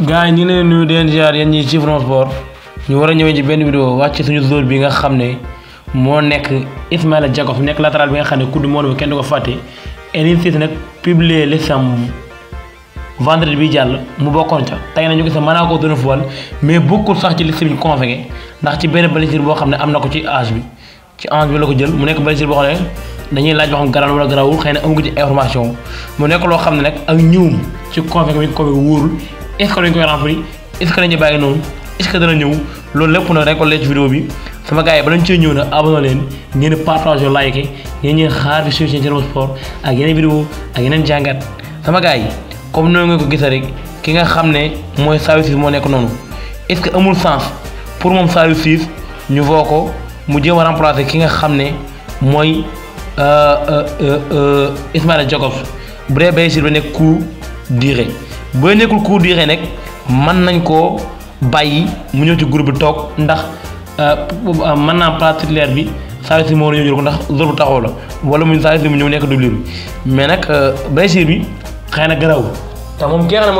gars yi ñu ngi leen nuyu den ziar yéen ñi ci Front Sport ñu war a ñëwee ci benn vidéo wàcc ci suñu zone bi nga xam ne moo nekk Ismaila Jakobs nekk latéral bi nga xam ne coupe du monde bi kenn ko fàtte Aliou Cissé nag publier listam vendredi bi jàll mu bokkoon ca tey na ñu gis ne mën naa koo doon football mais bokkul sax ci liste bi ñu convoqué ndax ci benn blessure boo xam ne am na ko ci âge bi ci âge bi la ko jël mu nekk blessure boo xam ne dañuy laaj boo xam garaaw wala garaawul xëy na amu ko ci information mu nekk loo xam ne nag ak ñëwum ci convoqué bi ko wóorul est-ce que dañ koy remplir est-ce que dañu bàyyi noonu est-ce que bi sama gars yi ba lañ cee ñëw nag abonné leen ngeen partager like ngeen ñeen xaar bi suñu seen Sen Sport yeneen jàngat sama yi comme noonu nga ko gisee rek ki nga xam ne mooy Saliou Ciss moo nekk noonu est-ce que amul sens pour moom Saliou Ciss ñu woo ko mu jéem a remplacer ki nga xam ne mooy euh, euh, euh, Ismaïla Jakobs bu dee Baye Sylvain nekk court boo nekkul courte durée nag man nañ koo bàyyi mu ñëw ci groupe bi toog ndax euh, man naa place titulaire bi Salisu moo a ñëw wala muy nekk mais nag euh, blessure xëy na garaaw. moom ki nga xam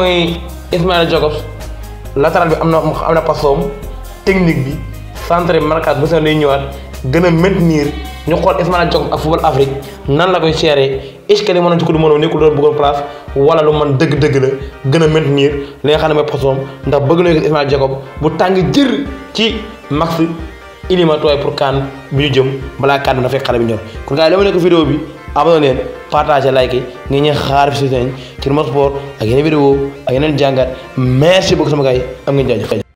bi am na am technique bi centre marquage bu seen day ñëwaat gën a maintenir ñu xool Ismaïla Jakobs ak football Afrique nan la koy seeree. escalier mënoon ci ko du mënoon nekul do bëggoon place wala lu man deug deug la gëna maintenir li nga xamne ne posom ndax bëgg na Ismaël Jacob bu tang jir ci max Ilima Toy pour CAN bi ñu jëm bala CAN na fekk xale bi ñor kon gars yi la ma nekk vidéo bi abonné partager like ngi ñi xaar ci seen ci mo sport ak yeneen vidéo ak yeneen jangat merci beaucoup sama gars am ngeen jaajëf